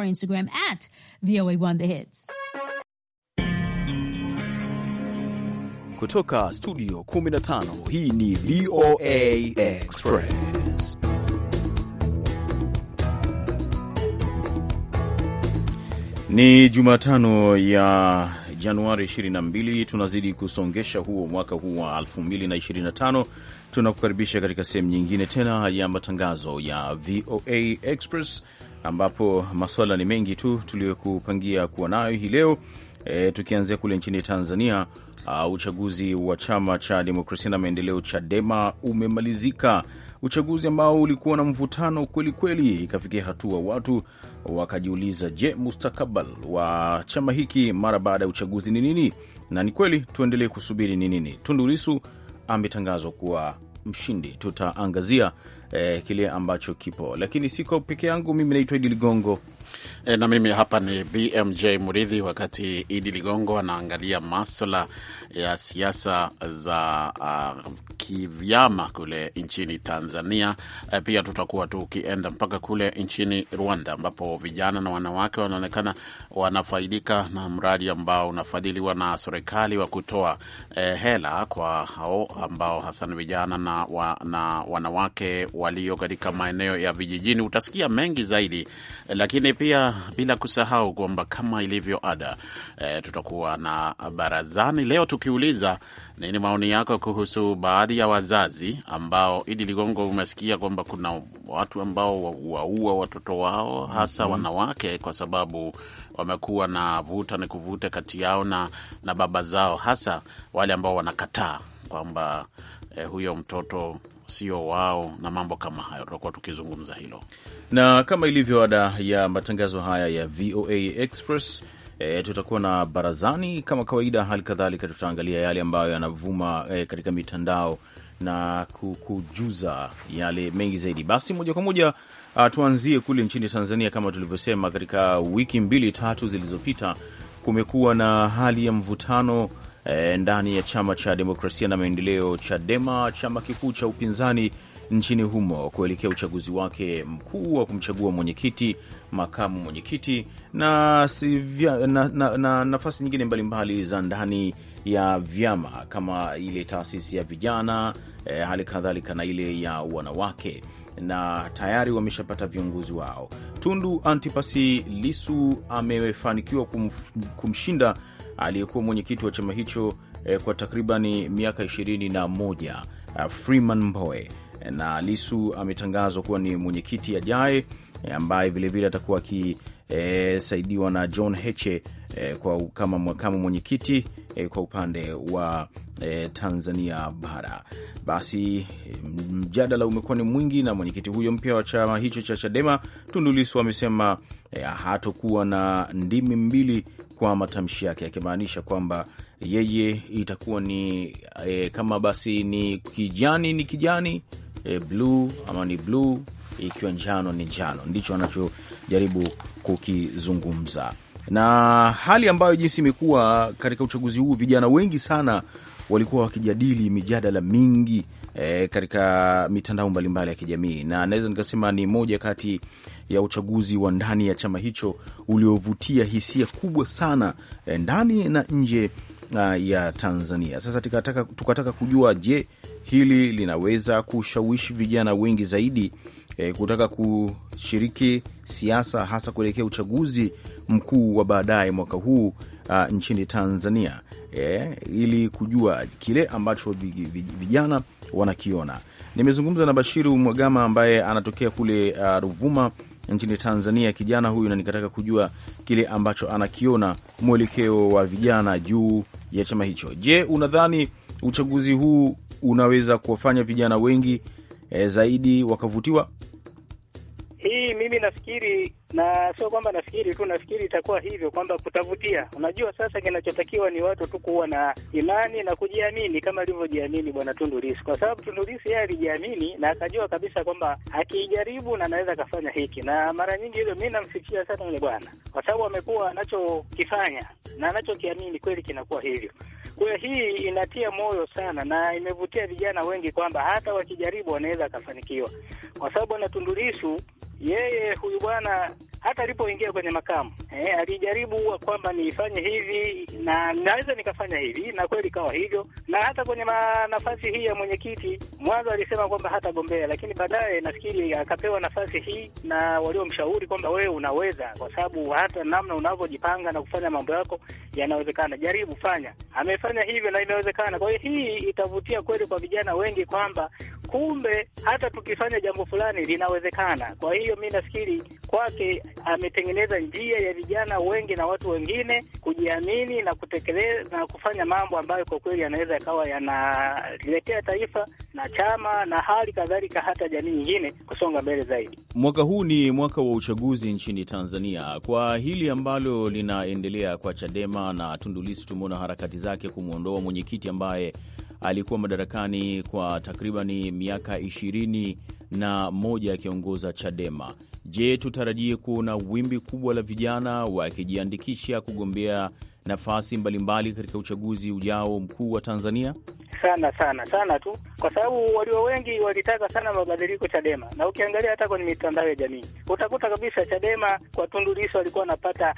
or Instagram at voa One The Hits. Kutoka studio 15 hii ni VOA Express. Ni Jumatano ya Januari 22, tunazidi kusongesha huo mwaka huu wa 2025. Tunakukaribisha katika sehemu nyingine tena ya matangazo ya VOA Express ambapo maswala ni mengi tu tuliyokupangia kuwa nayo hii leo e, tukianzia kule nchini Tanzania. Uh, uchaguzi wa chama cha demokrasia na maendeleo Chadema umemalizika, uchaguzi ambao ulikuwa na mvutano kwelikweli, ikafikia hatua watu wakajiuliza, je, mustakabal wa chama hiki mara baada ya uchaguzi ni nini? Na ni kweli, tuendelee kusubiri ni nini. Tundu Lissu ametangazwa kuwa mshindi, tutaangazia eh, kile ambacho kipo, lakini siko peke yangu. Mimi naitwa Idi Ligongo. E, na mimi hapa ni BMJ Muridhi, wakati Idi Ligongo anaangalia maswala ya siasa za uh, kivyama kule nchini Tanzania. E, pia tutakuwa tukienda mpaka kule nchini Rwanda ambapo vijana na wanawake wanaonekana wanafaidika na mradi ambao unafadhiliwa na serikali wa kutoa e, hela kwa hao ambao hasa ni vijana na, wa, na wanawake walio katika maeneo ya vijijini. Utasikia mengi zaidi lakini pia bila kusahau kwamba kama ilivyo ada e, tutakuwa na barazani leo tukiuliza nini maoni yako kuhusu baadhi ya wazazi ambao, Idi Ligongo, umesikia kwamba kuna watu ambao waua watoto wao hasa mm -hmm. wanawake kwa sababu wamekuwa na vuta ni kuvuta kati yao na, na baba zao hasa wale ambao wanakataa kwamba eh, huyo mtoto sio wao na mambo kama hayo. Tutakuwa tukizungumza hilo, na kama ilivyo ada ya matangazo haya ya VOA Express E, tutakuwa na barazani kama kawaida. Hali kadhalika tutaangalia yale ambayo yanavuma e, katika mitandao na kukujuza yale mengi zaidi. Basi moja kwa moja tuanzie kule nchini Tanzania. Kama tulivyosema, katika wiki mbili tatu zilizopita kumekuwa na hali ya mvutano e, ndani ya chama cha demokrasia na maendeleo Chadema, chama kikuu cha upinzani nchini humo kuelekea uchaguzi wake mkuu wa kumchagua mwenyekiti, makamu mwenyekiti na, na, na, na nafasi nyingine mbalimbali za ndani ya vyama kama ile taasisi ya vijana e, hali kadhalika na ile ya wanawake na tayari wameshapata viongozi wao. Tundu Antipasi Lisu amefanikiwa kum, kumshinda aliyekuwa mwenyekiti wa chama hicho eh, kwa takribani miaka 21 uh, eh, Freeman Mbowe, eh, na Lisu ametangazwa kuwa ni mwenyekiti ajaye eh, ambaye vilevile atakuwa akisaidiwa e, na John Heche e, kwa kama, kama mwenyekiti e, kwa upande wa e, Tanzania bara. Basi mjadala umekuwa ni mwingi, na mwenyekiti huyo mpya wa chama hicho cha Chadema Tundu Lisu amesema e, hatokuwa na ndimi mbili kwa matamshi yake, akimaanisha kwamba yeye itakuwa ni e, kama basi ni kijani ni kijani e, bluu ama ni bluu ikiwa njano ni njano, ndicho anachojaribu kukizungumza, na hali ambayo jinsi imekuwa katika uchaguzi huu, vijana wengi sana walikuwa wakijadili mijadala mingi e, katika mitandao mbalimbali ya kijamii, na naweza nikasema ni moja kati ya uchaguzi wa ndani ya chama hicho uliovutia hisia kubwa sana eh, ndani na nje ah, ya Tanzania. Sasa tukataka, tukataka kujua je, hili linaweza kushawishi vijana wengi zaidi e, kutaka kushiriki siasa hasa kuelekea uchaguzi mkuu wa baadaye mwaka huu a, ah, nchini Tanzania e, ili kujua kile ambacho vijana wanakiona. Nimezungumza na Bashiru Mwagama ambaye anatokea kule ah, Ruvuma nchini Tanzania. Kijana huyu, na nikataka kujua kile ambacho anakiona mwelekeo wa vijana juu ya chama hicho. Je, unadhani uchaguzi huu unaweza kuwafanya vijana wengi e, zaidi wakavutiwa? Hii mimi nafikiri na sio kwamba nafikiri tu, nafikiri itakuwa hivyo kwamba kutavutia. Unajua, sasa kinachotakiwa ni watu tu kuwa na imani na kujiamini kama alivyojiamini bwana Tundu Lissu, kwa sababu Tundu Lissu yeye alijiamini na akajua kabisa kwamba akijaribu na anaweza akafanya hiki, na mara nyingi hilo mi namsikia sana yule bwana, kwa sababu amekuwa anachokifanya na anachokiamini kweli kinakuwa hivyo. Kwa hii inatia moyo sana na imevutia vijana wengi kwamba hata wakijaribu wanaweza akafanikiwa, kwa sababu bwana Tundu Lissu yeye huyu bwana hata alipoingia kwenye makamu eh, alijaribu kwamba nifanye hivi na naweza nikafanya hivi, na kweli ikawa hivyo. Na hata kwenye nafasi hii ya mwenyekiti, mwanzo alisema kwamba hatagombea, lakini baadaye nafikiri akapewa nafasi hii na waliomshauri kwamba wewe unaweza, kwa sababu hata namna unavyojipanga na kufanya mambo yako yanawezekana, jaribu fanya. Amefanya hivyo na imewezekana. Kwa hiyo hii itavutia kweli kwa vijana wengi kwamba kumbe hata tukifanya jambo fulani linawezekana. Kwa hiyo mi nafikiri kwake ametengeneza njia ya vijana wengi na watu wengine kujiamini na kutekeleza na kufanya mambo ambayo kwa kweli yanaweza yakawa yanaletea taifa na chama na hali kadhalika hata jamii nyingine kusonga mbele zaidi. Mwaka huu ni mwaka wa uchaguzi nchini Tanzania. Kwa hili ambalo linaendelea kwa Chadema na tundulisi tumeona harakati zake kumwondoa mwenyekiti ambaye alikuwa madarakani kwa takribani miaka ishirini na moja akiongoza Chadema. Je, tutarajie kuona wimbi kubwa la vijana wakijiandikisha kugombea nafasi mbalimbali katika uchaguzi ujao mkuu wa Tanzania? Sana sana sana tu, kwa sababu walio wengi walitaka sana mabadiliko Chadema, na ukiangalia hata kwenye mitandao ya jamii utakuta kabisa Chadema kwa Tundu Lissu walikuwa wanapata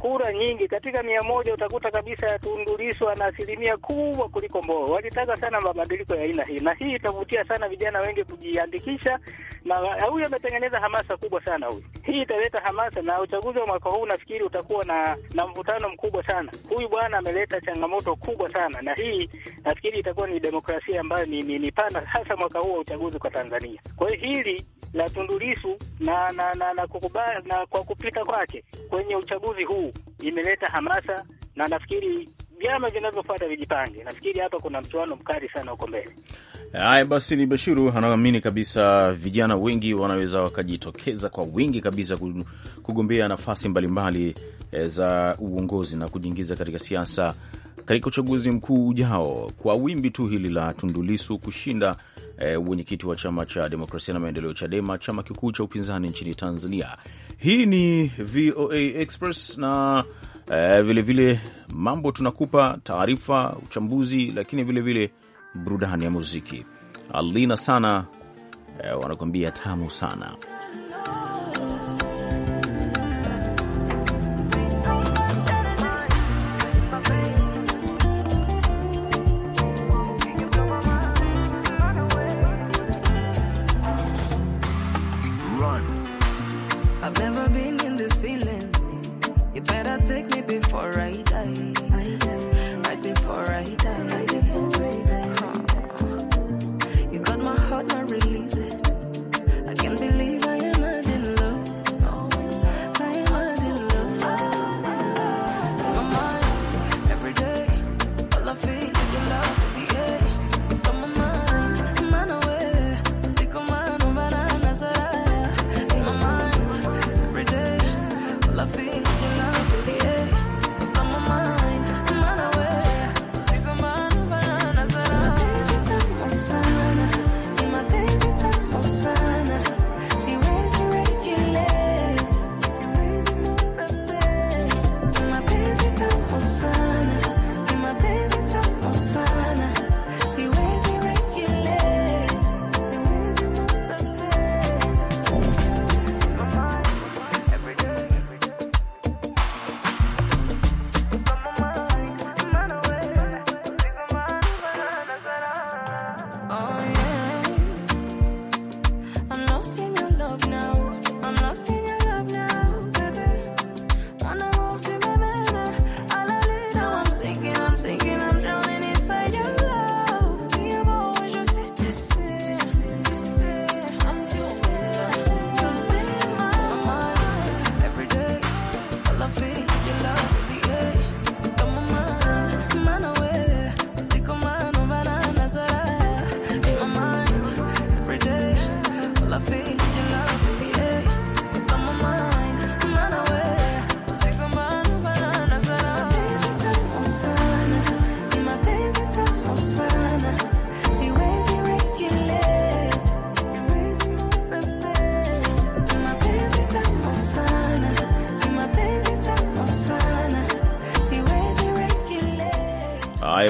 kura nyingi katika mia moja utakuta kabisa ya Tundu Lissu ana asilimia kubwa kuliko Mbowe. Walitaka sana mabadiliko ya aina hii, na hii itavutia sana vijana wengi kujiandikisha, na huyu ametengeneza hamasa kubwa sana huyu. Hii italeta hamasa, na uchaguzi wa mwaka huu nafikiri utakuwa na na mvutano mkubwa sana. Huyu bwana ameleta changamoto kubwa sana, na hii nafikiri itakuwa ni demokrasia ambayo ni, ni, ni pana hasa mwaka huu wa uchaguzi kwa Tanzania. Kwa hiyo hili la Tundu Lissu na na, na, na, na kwa kupita kwake kwenye uchaguzi huu imeleta hamasa, na nafikiri vyama vinavyofuata vijipange. Nafikiri hapa kuna mchuano mkali sana huko mbele. Haya basi, ni Bashiru anaamini kabisa vijana wengi wanaweza wakajitokeza kwa wingi kabisa kugombea nafasi mbalimbali eh, za uongozi na kujiingiza katika siasa katika uchaguzi mkuu ujao, kwa wimbi tu hili la Tundulisu kushinda uwenyekiti eh, e, wa chama cha demokrasia na maendeleo, CHADEMA, chama kikuu cha upinzani nchini Tanzania. Hii ni VOA Express na vilevile eh, vile mambo tunakupa taarifa, uchambuzi, lakini vilevile burudani ya muziki. Alina sana eh, wanakuambia tamu sana.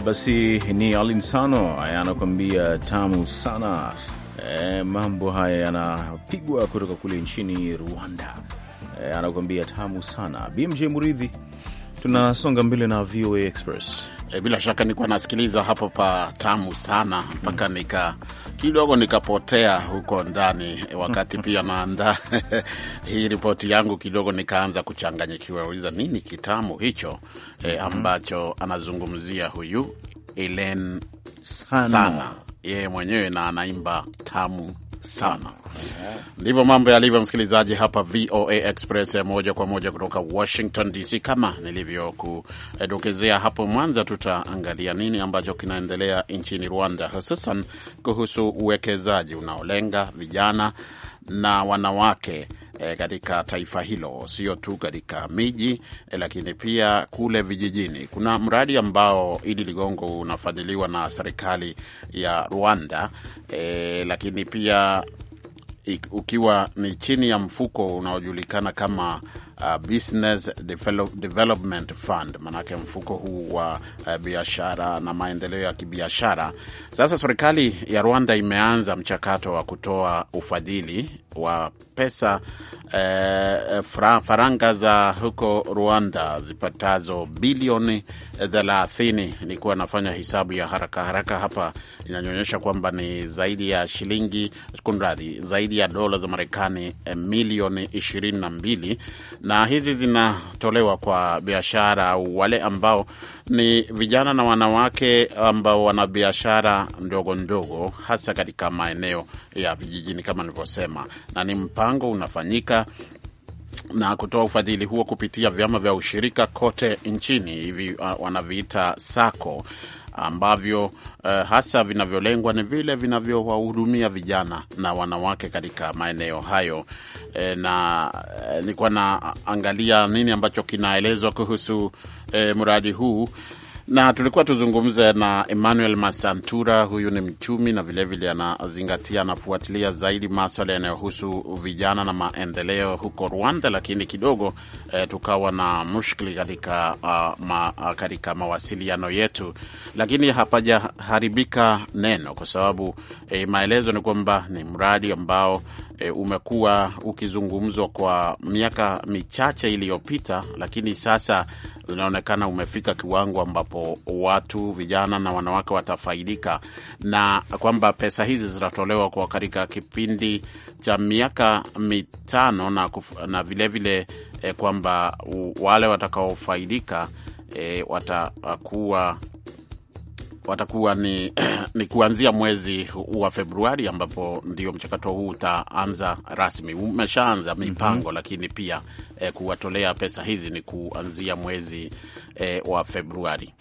Basi ni Alinsano anakuambia tamu sana E, mambo haya yanapigwa kutoka kule nchini Rwanda. E, anakuambia tamu sana BMJ Muridhi. Tunasonga mbele na VOA Express. E, bila shaka nilikuwa nasikiliza hapo pa tamu sana mpaka mm, nika kidogo nikapotea huko ndani wakati pia naandaa hii ripoti yangu, kidogo nikaanza kuchanganyikiwa, uliza nini kitamu hicho e, ambacho anazungumzia huyu Elen sana yeye mwenyewe na anaimba tamu sana. Ndivyo mambo yalivyo, msikilizaji, hapa VOA Express ya moja kwa moja kutoka Washington DC. Kama nilivyokudokezea hapo mwanza, tutaangalia nini ambacho kinaendelea nchini Rwanda, hususan kuhusu uwekezaji unaolenga vijana na wanawake e, katika taifa hilo, sio tu katika miji e, lakini pia kule vijijini. Kuna mradi ambao Idi Ligongo unafadhiliwa na serikali ya Rwanda e, lakini pia ukiwa ni chini ya mfuko unaojulikana kama uh, Business Development Fund, manake mfuko huu wa uh, biashara na maendeleo ya kibiashara. Sasa serikali ya Rwanda imeanza mchakato wa kutoa ufadhili wa pesa eh, faranga za huko Rwanda zipatazo bilioni thelathini. Nikuwa nafanya hisabu ya haraka haraka hapa, inanyonyesha kwamba ni zaidi ya shilingi kunradhi, zaidi ya dola za Marekani eh, milioni ishirini na mbili na hizi zinatolewa kwa biashara au wale ambao ni vijana na wanawake ambao wana biashara ndogo ndogo, hasa katika maeneo ya vijijini kama nilivyosema, na ni mpango unafanyika na kutoa ufadhili huo kupitia vyama vya ushirika kote nchini hivi, uh, wanaviita sako ambavyo uh, hasa vinavyolengwa ni vile vinavyowahudumia vijana na wanawake katika maeneo hayo. E, na eh, nilikuwa naangalia nini ambacho kinaelezwa kuhusu e, mradi huu na tulikuwa tuzungumze na Emmanuel Masantura. Huyu ni mchumi na vilevile anazingatia, anafuatilia zaidi maswala yanayohusu vijana na maendeleo huko Rwanda, lakini kidogo eh, tukawa na mushkili katika uh, ma, katika mawasiliano yetu, lakini hapajaharibika neno, kwa sababu eh, maelezo ni kwamba ni mradi ambao e, umekuwa ukizungumzwa kwa miaka michache iliyopita, lakini sasa unaonekana umefika kiwango ambapo watu vijana na wanawake watafaidika na kwamba pesa hizi zinatolewa kwa katika kipindi cha miaka mitano na, na vilevile e, kwamba wale watakaofaidika e, watakuwa watakuwa ni, ni kuanzia mwezi wa Februari ambapo ndio mchakato huu utaanza rasmi. Umeshaanza mipango mm -hmm. Lakini pia eh, kuwatolea pesa hizi ni kuanzia mwezi eh, wa Februari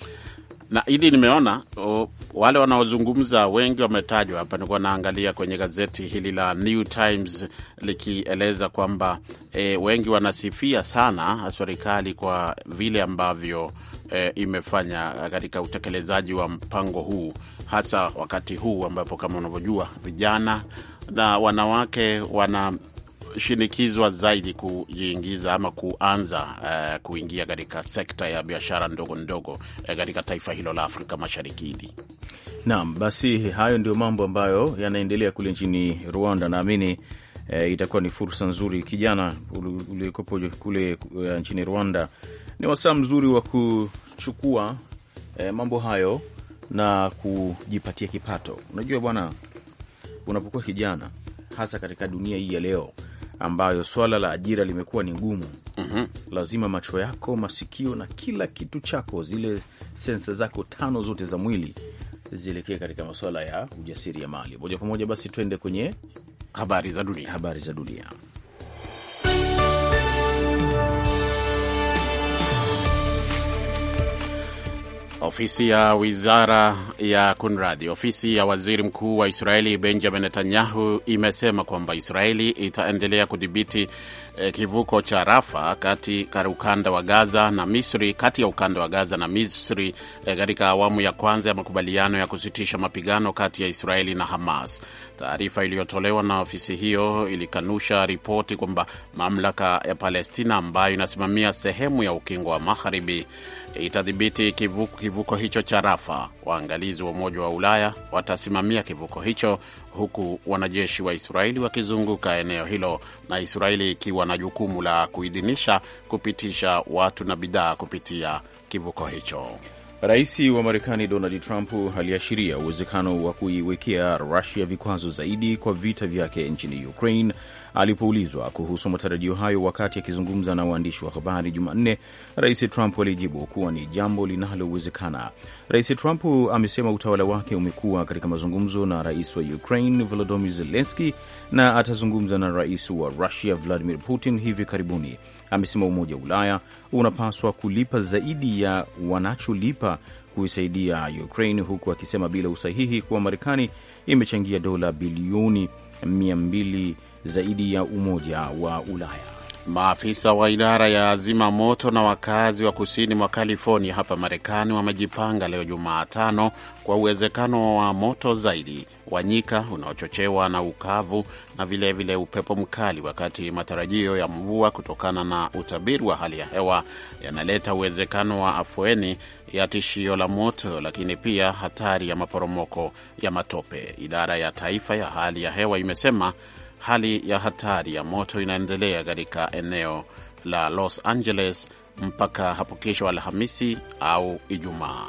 na hili nimeona o, wale wanaozungumza wengi wametajwa hapa. Nilikuwa naangalia kwenye gazeti hili la New Times likieleza kwamba e, wengi wanasifia sana serikali kwa vile ambavyo eh, imefanya katika utekelezaji wa mpango huu, hasa wakati huu ambapo kama unavyojua vijana na wanawake wana shinikizwa zaidi kujiingiza ama kuanza uh, kuingia katika sekta ya biashara ndogo ndogo eh, katika uh, taifa hilo la Afrika Mashariki hili. Naam, basi hayo ndio mambo ambayo yanaendelea kule nchini Rwanda. Naamini uh, itakuwa ni fursa nzuri. Kijana uliokopo kule uh, nchini Rwanda ni wasaa mzuri wa kuchukua eh, mambo hayo na kujipatia kipato. Unajua bwana, unapokuwa kijana, hasa katika dunia hii ya leo ambayo swala la ajira limekuwa ni ngumu mm -hmm. Lazima macho yako, masikio na kila kitu chako, zile sensa zako tano zote za mwili zielekee katika masuala ya ujasiri ya mali moja kwa moja. Basi tuende kwenye habari za dunia, habari za dunia. Ofisi ya wizara ya kunradi, ofisi ya waziri mkuu wa Israeli Benjamin Netanyahu imesema kwamba Israeli itaendelea kudhibiti Eh, kivuko cha Rafa kati ya ukanda wa Gaza na Misri, kati ya ukanda wa Gaza na Misri eh, katika e, awamu ya kwanza ya makubaliano ya kusitisha mapigano kati ya Israeli na Hamas. Taarifa iliyotolewa na ofisi hiyo ilikanusha ripoti kwamba mamlaka ya Palestina ambayo inasimamia sehemu ya ukingo wa Magharibi itadhibiti kivuko, kivuko hicho cha Rafa waangalizi wa Umoja wa Ulaya watasimamia kivuko hicho, huku wanajeshi wa Israeli wakizunguka eneo hilo na Israeli ikiwa na jukumu la kuidhinisha kupitisha watu na bidhaa kupitia kivuko hicho. Rais wa Marekani Donald Trump aliashiria uwezekano wa kuiwekea Rusia vikwazo zaidi kwa vita vyake nchini Ukraine alipoulizwa kuhusu matarajio hayo wakati akizungumza na waandishi wa habari Jumanne, Rais Trump alijibu kuwa ni jambo linalowezekana. Rais Trump amesema utawala wake umekuwa katika mazungumzo na rais wa Ukraine Volodymyr Zelensky na atazungumza na rais wa Rusia Vladimir Putin hivi karibuni amesema Umoja wa Ulaya unapaswa kulipa zaidi ya wanacholipa kuisaidia Ukraine, huku akisema bila usahihi kuwa Marekani imechangia dola bilioni 200 zaidi ya Umoja wa Ulaya. Maafisa wa idara ya zima moto na wakazi wa kusini mwa California hapa Marekani wamejipanga leo Jumatano kwa uwezekano wa moto zaidi wa nyika unaochochewa na ukavu na vilevile vile upepo mkali, wakati matarajio ya mvua kutokana na utabiri wa hali ya hewa yanaleta uwezekano wa afueni ya tishio la moto, lakini pia hatari ya maporomoko ya matope. Idara ya taifa ya hali ya hewa imesema hali ya hatari ya moto inaendelea katika eneo la Los Angeles mpaka hapo kesho Alhamisi au Ijumaa.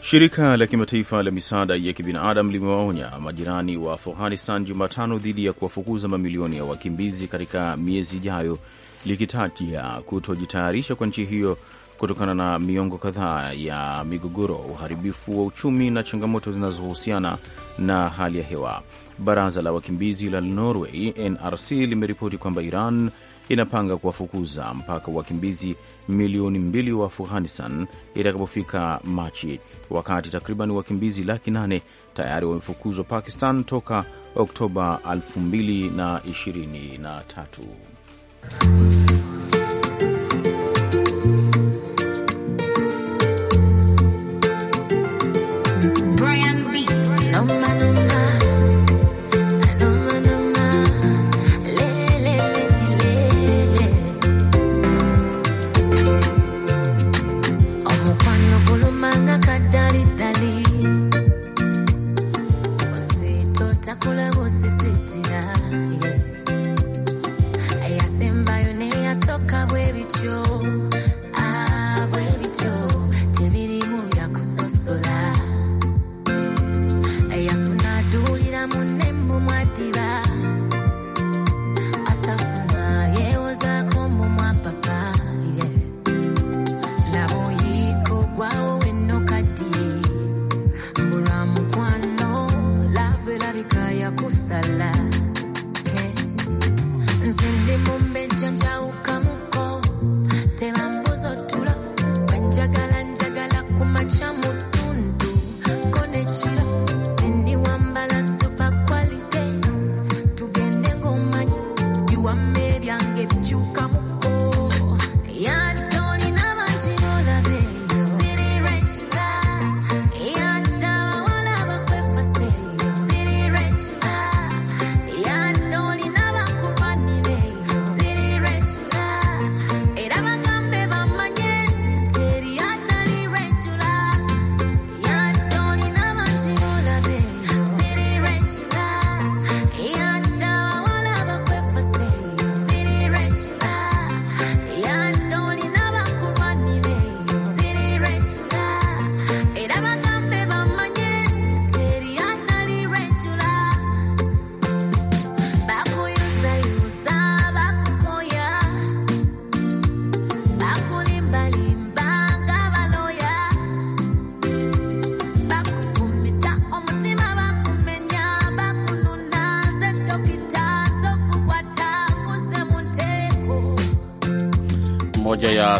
Shirika la kimataifa la misaada ya kibinadamu limewaonya majirani wa Afghanistan Jumatano dhidi ya kuwafukuza mamilioni ya wakimbizi katika miezi ijayo, likitaja kutojitayarisha kwa nchi hiyo kutokana na miongo kadhaa ya migogoro, uharibifu wa uchumi na changamoto zinazohusiana na hali ya hewa. Baraza la wakimbizi la Norway NRC limeripoti kwamba Iran inapanga kuwafukuza mpaka wakimbizi milioni mbili wa Afghanistan itakapofika Machi, wakati takriban wakimbizi laki nane tayari wamefukuzwa Pakistan toka Oktoba 2023.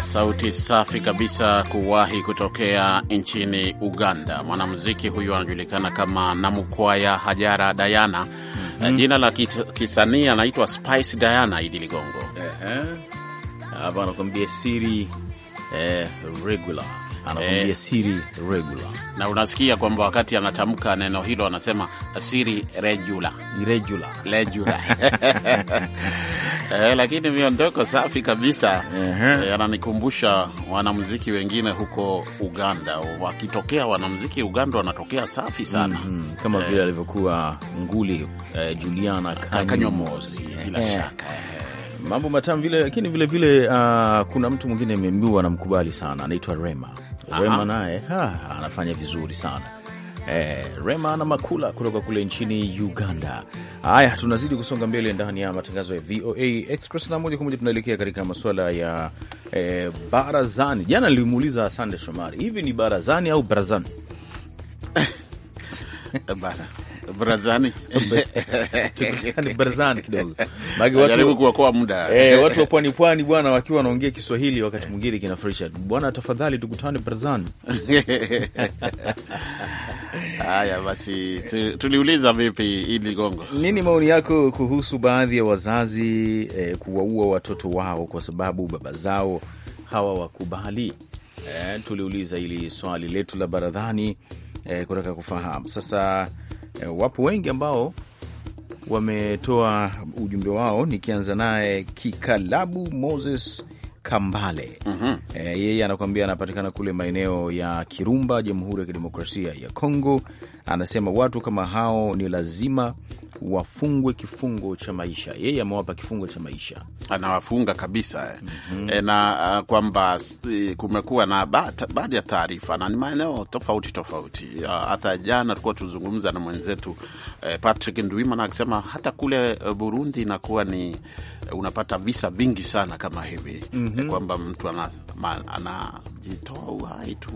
sauti safi kabisa kuwahi kutokea nchini Uganda. Mwanamuziki huyu anajulikana kama Namukwaya Hajara Dayana. mm -hmm. Jina la kisanii anaitwa Spice Diana. Idi Ligongo hapa anakuambia siri eh, regular anakuambia eh. siri regular, na unasikia kwamba wakati anatamka neno hilo anasema siri regular, regular, regular eh, lakini miondoko safi kabisa eh, yananikumbusha uh -huh. eh, wanamziki wengine huko Uganda wakitokea, wanamziki Uganda wanatokea safi sana mm -hmm. kama eh, vile alivyokuwa nguli eh, Juliana Kanyomozi eh, bila eh, shaka eh. Mambo matamu vile, lakini vile vile uh, kuna mtu mwingine na anamkubali sana, anaitwa Rema. Rema naye ah, anafanya vizuri sana eh, Rema na Makula kutoka kule nchini Uganda. Haya, tunazidi kusonga mbele ndani ya matangazo ya VOA Express na moja kwa moja tunaelekea katika masuala ya eh, barazani. Jana nilimuuliza Asande Shomari, hivi ni barazani au barazani? barazani barazani kidogo muda eh, watu wa pwani pwani bwana, wakiwa wanaongea Kiswahili wakati mwingine kinafurahisha bwana. Tafadhali tukutane barazani. Haya basi, tuliuliza vipi ili gongo, nini maoni yako kuhusu baadhi ya wazazi eh, kuwaua watoto wao kwa sababu baba zao wakubali? Eh, tuliuliza hili swali letu la baradhani eh, kutaka kufahamu sasa Eh, wapo wengi ambao wametoa ujumbe wao, nikianza naye Kikalabu Moses Kambale. mm -hmm. E, yeye anakuambia anapatikana kule maeneo ya Kirumba, Jamhuri ya Kidemokrasia ya Kongo. Anasema watu kama hao ni lazima wafungwe kifungo cha maisha. Yeye amewapa kifungo cha maisha, anawafunga kabisa eh. mm -hmm. E, na ah, kwamba eh, kumekuwa na baadhi ya taarifa na ni maeneo tofauti tofauti. Ah, hata jana tulikuwa tuzungumza na mwenzetu eh, Patrick Ndwimana akisema hata kule eh, Burundi inakuwa ni unapata visa vingi sana kama hivi mm -hmm. e, kwamba mtu anajitoa ana, tu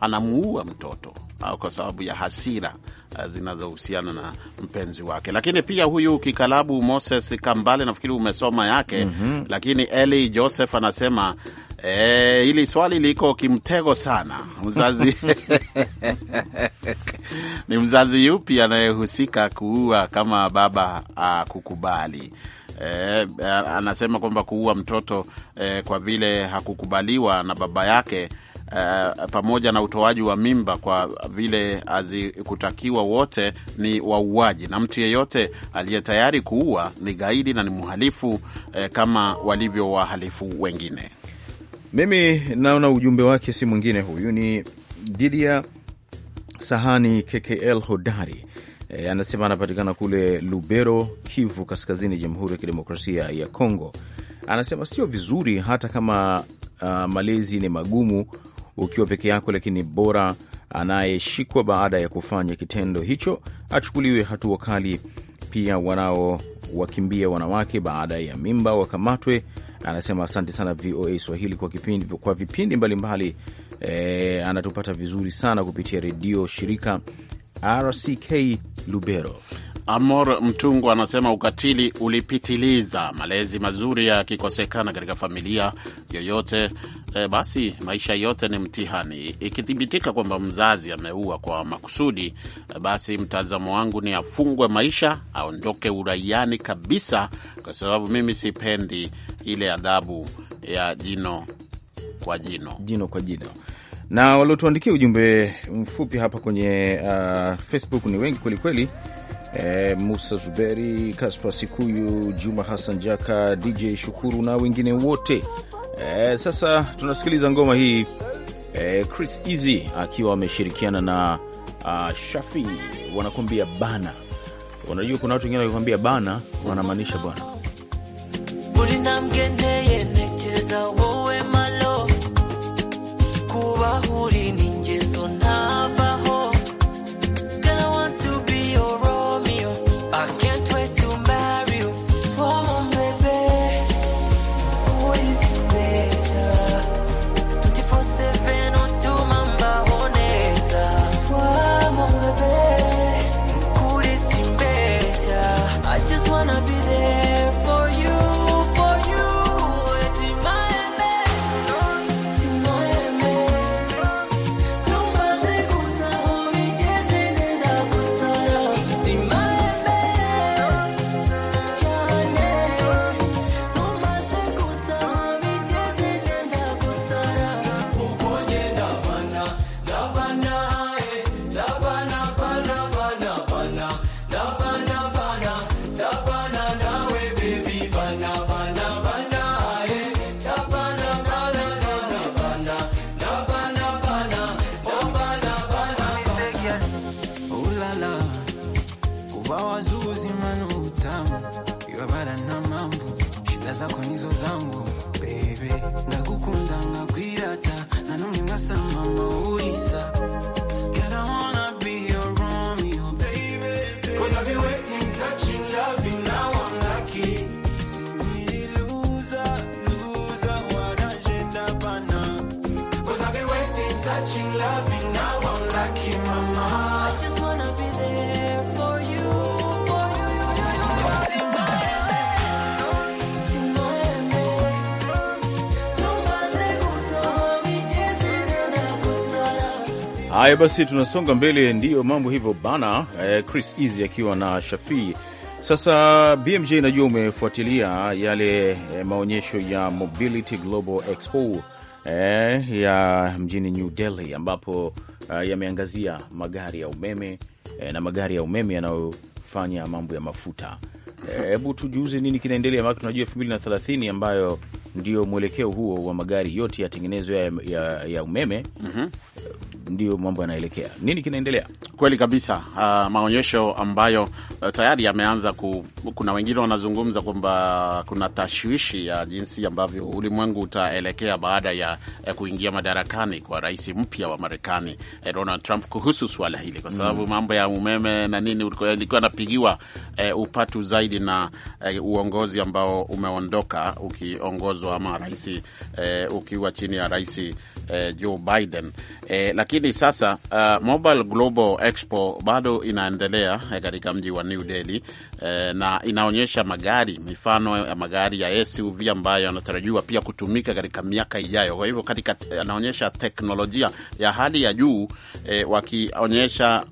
anamuua mtoto au kwa sababu ya hasira uh, zinazohusiana na mpenzi wake. Lakini pia huyu kikalabu Moses Kambale, nafikiri umesoma yake mm -hmm. Lakini Eli Joseph anasema E, hili swali liko kimtego sana mzazi ni mzazi yupi anayehusika kuua kama baba akukubali? E, eh, anasema kwamba kuua mtoto e, kwa vile hakukubaliwa na baba yake uh, pamoja na utoaji wa mimba kwa vile hazikutakiwa wote ni wauaji, na mtu yeyote aliye tayari kuua ni gaidi na ni mhalifu uh, eh, kama walivyo wahalifu wengine. Mimi naona ujumbe wake si mwingine, huyu ni Didia Sahani KKL Hodari. E, anasema anapatikana kule Lubero, Kivu Kaskazini, Jamhuri ya Kidemokrasia ya Kongo. Anasema sio vizuri hata kama uh, malezi ni magumu, ukiwa peke yako, lakini bora anayeshikwa baada ya kufanya kitendo hicho achukuliwe hatua kali. Pia wanaowakimbia wanawake baada ya mimba wakamatwe. Anasema asante sana VOA Swahili kwa kipindi, kwa vipindi mbalimbali e, anatupata vizuri sana kupitia redio shirika RCK Lubero. Amor mtungu anasema ukatili ulipitiliza, malezi mazuri yakikosekana katika familia yoyote, e, basi maisha yote ni mtihani. Ikithibitika kwamba mzazi ameua kwa makusudi, eh, basi mtazamo wangu ni afungwe maisha, aondoke uraiani kabisa, kwa sababu mimi sipendi ile adhabu ya jino kwa jino, jino kwa jino na waliotuandikia ujumbe mfupi hapa kwenye uh, Facebook ni wengi kwelikweli kweli e, Musa Zuberi, Kaspa Sikuyu, Juma Hassan Jaka, DJ Shukuru na wengine wote. E, sasa tunasikiliza ngoma hii e, Chris Easy akiwa ameshirikiana na a, Shafi wanakuambia bana. Unajua kuna watu wengine wakikwambia bana wanamaanisha bwana Haya basi, tunasonga mbele. Ndiyo mambo hivyo bana. Eh, Chris Easy akiwa na Shafii. Sasa BMJ, najua umefuatilia yale eh, maonyesho ya Mobility Global Expo eh, ya mjini New Delhi ambapo uh, yameangazia magari ya umeme eh, na magari ya umeme yanayofanya mambo ya mafuta. Eh, hebu eh, tujuze nini kinaendelea, maana tunajua elfu mbili na thelathini ambayo ndio mwelekeo huo wa magari yote yatengenezwa ya, ya, ya umeme mm -hmm. Ndio mambo yanaelekea. Nini kinaendelea kweli kabisa. Uh, maonyesho ambayo uh, tayari yameanza ku, kuna wengine wanazungumza kwamba kuna tashwishi ya jinsi ambavyo ulimwengu utaelekea baada ya eh, kuingia madarakani kwa rais mpya wa Marekani eh, Donald Trump kuhusu suala hili, kwa sababu mm -hmm. mambo ya umeme na nini ilikuwa anapigiwa eh, upatu zaidi na eh, uongozi ambao umeondoka ukiongozwa hizo ama rais eh, ukiwa chini ya rais eh, Joe Biden eh, lakini sasa uh, Mobile Global Expo bado inaendelea eh, katika mji wa New Delhi eh, na inaonyesha magari, mifano ya magari ya SUV ambayo yanatarajiwa pia kutumika katika miaka ijayo. Kwa hivyo katika anaonyesha eh, teknolojia ya hali ya juu eh, wakionyesha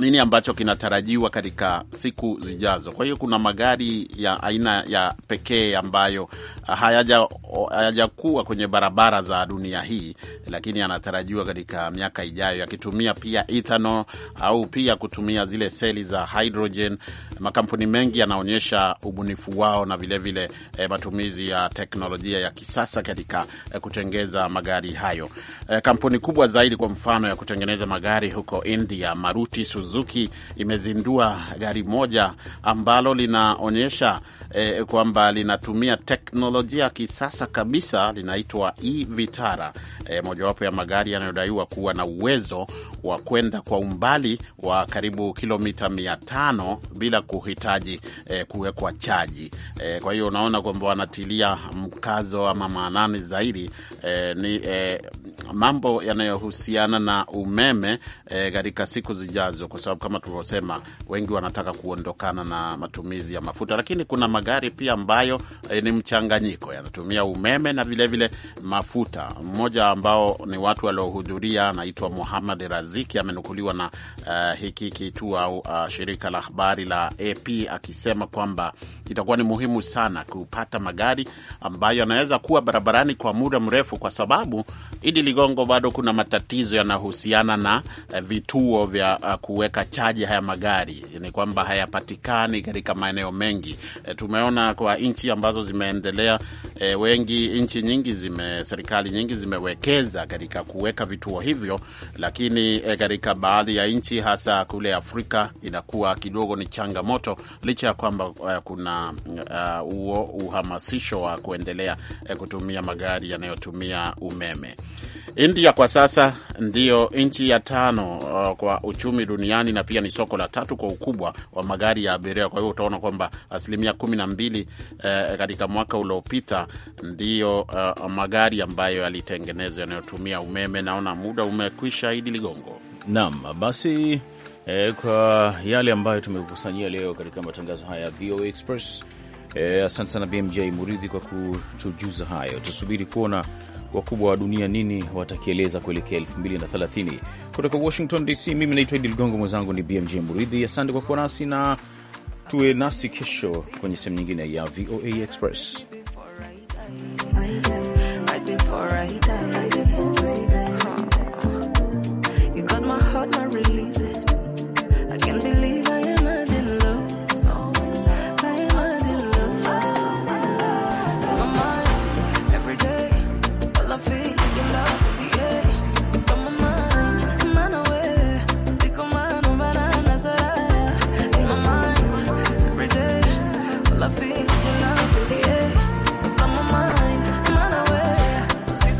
nini ambacho kinatarajiwa katika siku zijazo. Kwa hiyo kuna magari ya aina ya pekee ambayo uh, hayajakuwa hayaja kwenye barabara za dunia hii, lakini yanatarajiwa katika miaka ijayo, yakitumia pia ethanol au pia kutumia zile seli za hydrogen Makampuni mengi yanaonyesha ubunifu wao na vilevile vile, eh, matumizi ya teknolojia ya kisasa katika eh, kutengeza magari hayo. Eh, kampuni kubwa zaidi kwa mfano ya kutengeneza magari huko India, Maruti Suzuki, imezindua gari moja ambalo linaonyesha eh, kwamba linatumia teknolojia ya kisasa kabisa, linaitwa e-Vitara e, mojawapo ya magari yanayodaiwa kuwa na uwezo wa kwenda kwa umbali wa karibu kilomita mia tano bila kuhitaji e, kuwekwa chaji e, kwa hiyo unaona kwamba wanatilia mkazo ama maanani zaidi e, ni e, mambo yanayohusiana na umeme e, katika e, siku zijazo, kwa sababu kama tulivyosema, wengi wanataka kuondokana na matumizi ya mafuta, lakini kuna magari pia ambayo e, ni mchanganyiko yanatumia umeme na vilevile vile mafuta. Mmoja ambao ni watu waliohudhuria, anaitwa Muhamad Raziki, amenukuliwa na uh, hiki kituo au uh, shirika la habari la AP akisema kwamba itakuwa ni muhimu sana kupata magari ambayo yanaweza kuwa barabarani kwa muda mrefu, kwa sababu Idi Ligongo, bado kuna matatizo yanahusiana na uh, vituo vya uh, kuweka chaji haya magari, ni kwamba hayapatikani katika maeneo mengi. E, tumeona kwa nchi ambazo zimeendelea, e, wengi nchi nyingi zime serikali nyingi zimeweka kuwekeza katika kuweka vituo hivyo, lakini eh, katika baadhi ya nchi hasa kule Afrika inakuwa kidogo ni changamoto, licha ya kwamba eh, kuna uh, uo uhamasisho wa kuendelea kutumia magari yanayotumia umeme. India kwa sasa ndiyo nchi ya tano uh, kwa uchumi duniani na pia ni soko la tatu kwa ukubwa wa magari ya abiria. Kwa hiyo utaona kwamba asilimia kumi na mbili uh, katika mwaka uliopita ndiyo uh, magari ambayo yalitengenezwa yanayotumia umeme. Naona muda umekwisha, Idi Ligongo. Naam, basi eh, kwa yale ambayo tumekusanyia leo katika matangazo haya ya VOA Express, eh, asante sana BMJ Muridhi kwa kutujuza hayo. Tusubiri kuona wakubwa wa dunia nini watakieleza kuelekea 2030. Kutoka Washington DC, mimi naitwa Idi Ligongo, mwenzangu ni BMJ Mridhi. Asante kwa kuwa nasi na tuwe nasi kesho kwenye sehemu nyingine ya VOA Express.